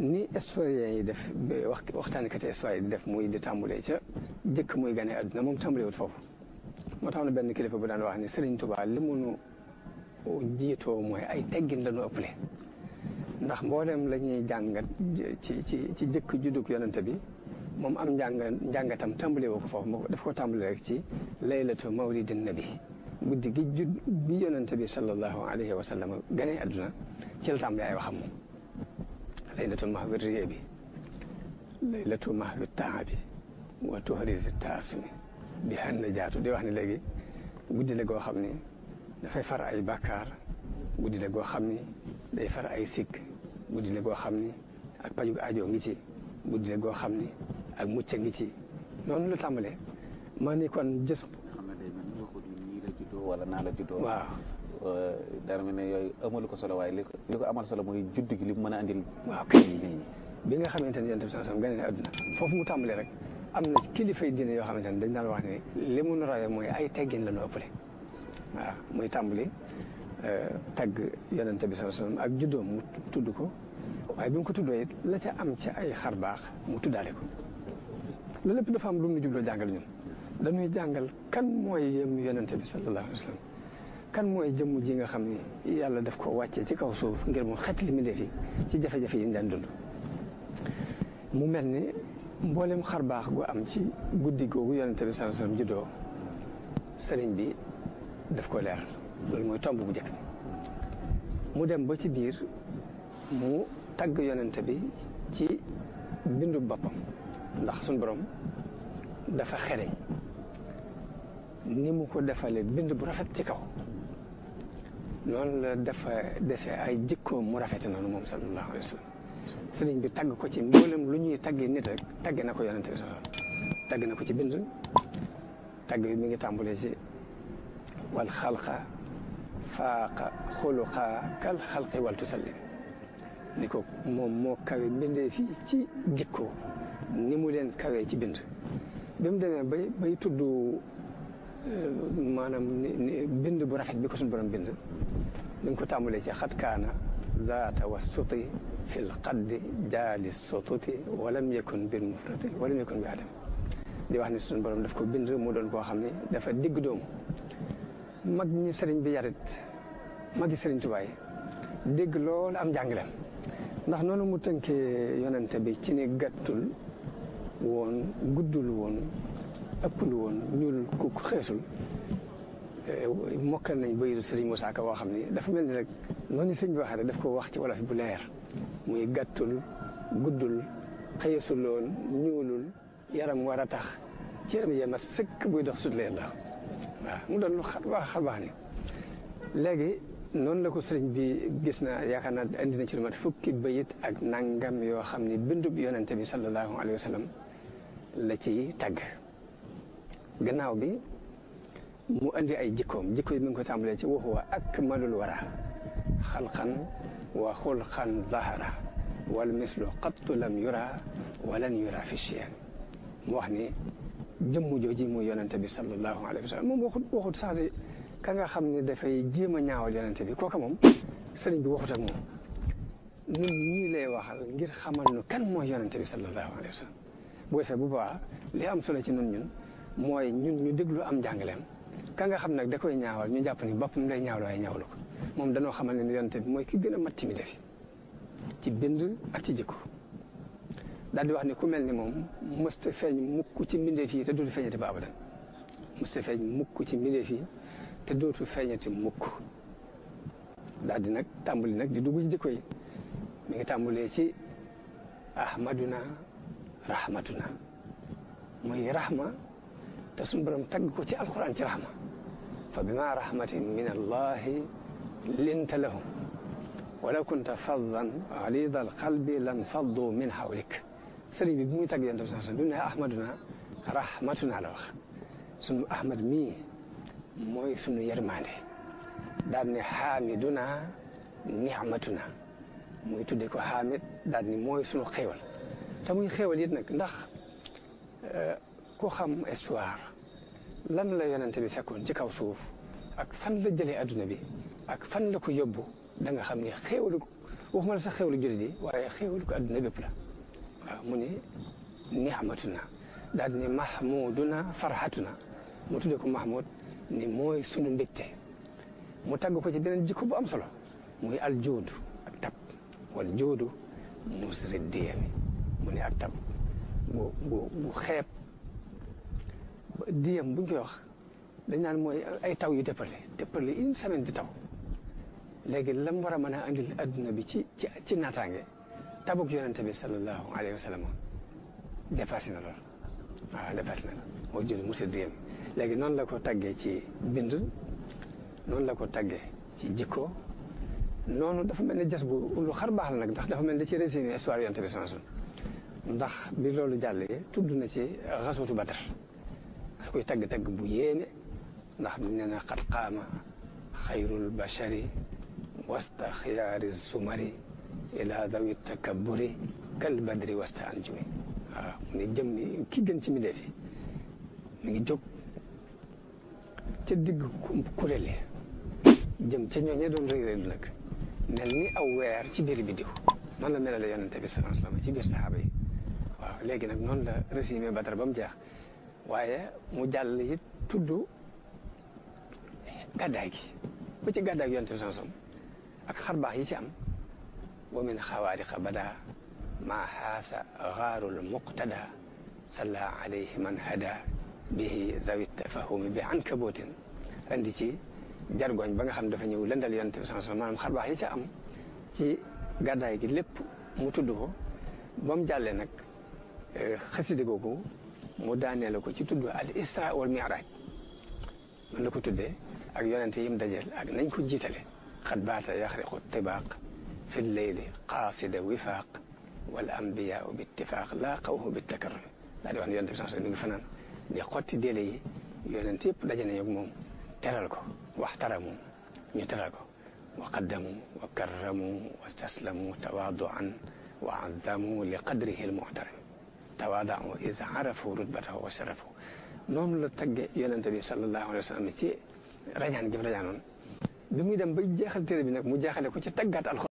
ni historien yi def wax waxtaanekati e histoire di def muy di tàmbulee ca jëkk muy gane àdduna moom tàmbulewut foofu moo tax na benn kilifa bu daan wax ni Serigne Touba li mu nu jiitoo mooy ay teggin la ñu ëppale ndax mboolem lañuy jàngat ci ci ci jëkk juddug yonante bi moom am njàng njàngatam tàmbale woo ko foofu def ko tàmbale rek ci laylatu mawlidin nabi guddi gi judd bi yonante bi sallallahu alayhi wa sallam gane àdduna ci la tàmbale ay waxam moom laylatu mahwi riyebi laylatu mahwi taabi wa tuhrisi taasumi bi xan na jaatu de wax ne léegi guddi la goo xam ni dafay far ay bàkkaar guddi la goo xam ni day far ay sikk guddi la goo xam ni ak pajug ajo ngi ci guddi la goo xam ni ak mucc ngi ci noonu la tàmbalee maa ni kon jës. nga xam la juddoo wala waaw. dara mel ne yooyu amalu ko solo waaye li ko li ko amal solo mooy judd gi li mu mën a andil. waaw kay bi nga xamante ne yonent bi sallallahu alayhi wasallam gane na àdduna foofu mu tàmbalee rek am na kilifay diine yoo xamante ne dañ daan wax ne li mu nu rawee mooy ay teggin la ñu ëppale waaw muy tàmbali tagg yonent bi sallallahu alayhi wasallam ak juddoom mu tudd ko waaye bi mu ko tuddoo it la ca am ca ay xar baax mu tuddaale ko loolu lépp dafa am lu mu nu jubloo jàngal ñun dañuy jàngal kan mooy yem yonent bi sallallahu alayhi wasallam kan mooy jëmm ji nga xam ni yàlla daf ko wàccee ci kaw suuf ngir mu xet li mu def ci jafe-jafe yi ñu daan dund mu mel ni mboolem xar baax gu am ci guddi googu yonente bi sallallahu alayhi wasallam juddoo sëriñ bi daf ko leer loolu mooy tomb bu njëkk mu dem ba ci biir mu tagg yonente bi ci bindu boppam ndax suñ boroom dafa xereñ ni mu ko defalee bind bu rafet ci kaw noonu la dafa defee ay jikkoom mu rafete noonu moom sallallahu alayhi wa sallam sëriñ bi tagg ko ci mboolem lu ñuy taggee nit rek tagge na ko yonent bi sallallahu na ko ci bind tagg mi ngi tàmbalee ci wal xalqa faaqa xuluqa kal xalqi wal tusallim ni ko moom moo kawe mbindee fii ci jikko ni mu leen kawee ci bind bi mu demee bay tudd euh, maanaam bind bu rafet bi ko suñu borom bind mi ngi ko tàmbalee ci xat kaana ذا توسط في القد جال السطوط ولم يكن بالمفرط ولم يكن بعدم di wax ni suñu borom daf ko bind mu doon koo xam ne dafa digg dóomu mag ñi sëriñ bi yarit magi sëriñ tubaay dégg loolu am njàngilem ndax noonu mu tënkee yonente bi ci ni gàttul woon guddul woon ëppul woon ñuul ku xeesul mokkal nañ bayidu sëriñ Moussa Ka boo xam ne dafa mel ni rek noonu sëñ bi waxee rek daf ko wax ci wolof bu leer muy gàttul guddul xëyasuloon ñuulul yaram war a tax ci yaram yee mat sëkk buy dox sut leen la waaw mu doon lu xat baax xat baax ni léegi noonu la ko sëriñ bi gis na yaakaar naa indi na ci lu mat fukki bayit ak nangam yoo xam ne bindub yonente bi sallallahu alayhi wa sallam la ci tagg gannaaw bi mu andi ay jikkoom jikko yi ko ngi ko tàmbalee ci waxuwa akmalul wara xalqan wa xulqan zahara wal mislu qattu lam yura walan yura fi shiyaan mu wax ni jëmm jooji mooy yonente bi sallallahu alayhi wa sallam moom waxut waxut ka nga xam ne dafay jéem a ñaawal yonente bi kooka moom sëriñ bi waxut ak lay waxal ngir xamal nu kan mooy yonente bi sallallahu alayhi wa sallam bu defee bu baax li am solo ci nun ñun mooy ñun ñu déglu am njàngaleem ka nga xam nag da koy ñaawal ñu jàpp ni boppam lay ñaawal waaye ñaawlu ko moom danoo xamal ne yonent bi mooy ki gën a mat ci mi defi ci bind ak ci daal di wax ne ku mel ni moom mësta feeñ mukk ci mbindeef fii te dootu feeñati ba abadan mukk ci mbindeef yi te dootu feeñati mukk daal di nag tàmbali nag di dugg ci jikko yi mi ngi tàmbalee ci ahmaduna rahmatuna muy rahma تسن برم تقوتي القرآن رحمة فبما رحمة من الله لنت لهم ولو كنت فظا غليظ القلب لانفضوا من حولك سري بمي تقي انت بسنة دون أحمدنا رحمتنا على وخ سن أحمد مي موي سن يرماني دارني حامدنا نعمتنا موي tuddee حامد xaamit موي سن خيول sunu xéewal te muy xéewal it nag ndax lan la yonente bi fekkoon ci kaw suuf ak fan la jëlee adduna bi ak fan la ko yóbbu da nga xam ne xéewalu waxuma la sax xéewalu jullit yi waaye xéewalu ko adduna bépp la mu ne niamatuna daal ni mahmuduna farhatuna mu tuddee ko mahmud ni mooy sunu mbégte mu tàgg ko ci beneen jikko bu am solo muy aljoodu ak tab wal joodu musri diyami mu ne ak tab bu bu xeeb diyam bu ñu koy wax dañ naan mooy ay taw yu tëppale tëppale une semaine di taw léegi lam war a mën a andil adduna bi ci ci ci naataange tabuk yonente bi sallallahu alayhi wa sallam na loolu waaw dépassé na loolu moo jël musa diyam léegi noonu la ko tàggee ci bind noonu la ko tàggee ci jikko noonu dafa mel ne jas bu lu xar baax la nag ndax dafa mel ne da ci résumé histoire yonente bi sallallahu alayhi ndax bi loolu jàllee tudd na ci xasuutu Badar ويتقدق بيامي نحن إننا قد قام خير البشر وسط خيار الزمر إلى ذوي التكبر كالبدر وسط أنجم آه. من الجمني كي جنت من في من جوب تدق كل اللي جم تنيني دون غير لك ملني أوير تبير بديو ما لا ملا لا يانتبه سلام سلام تبير صحابي آه، لكن أبنون لا رسيمي بدر بمجاخ waaye mu jàll it tudd gàddaay gi ba ci gàddaay gi yonte sansom ak xarbaax yi ci am wa min xawaariqa bada maa xaasa xaarul muqtada salla alayhi man hada bihi zawi tafahumi bi ankabootin andi ci jargoñ ba nga xam dafa ñëw lëndal yonte sansom maanaam xarbaax yi ci am ci gàddaay gi lépp mu tudd ko ba mu jàllee nag xasida googu mu daaneel ko ci tudd al isra wal miraaj noonu la ko tuddee ak yonente yim dajeel ak nañ ko jiitale xat baata yaxriqu tibaaq fi lleyli qaasida wifaaq wal ambiyaau bi ittifaaq laa qawhu bi takarrumi daa di wax ne yonente bi sanse mi ngi fanaan di xotti déele yi yonente yëpp daje nañu ak moom teral ko waxtaramu ñu teral ko wa qaddamu wa karramu wa staslamu tawaaduan wa azzamu li qadrihi almuxtaram تواضعوا إذا عرفوا رتبته وشرفه نون لتج ينتبه صلى الله عليه وسلم تي رجعن قبل رجعن بمودم بيجاخل تربينك مجاخل كوتش الخ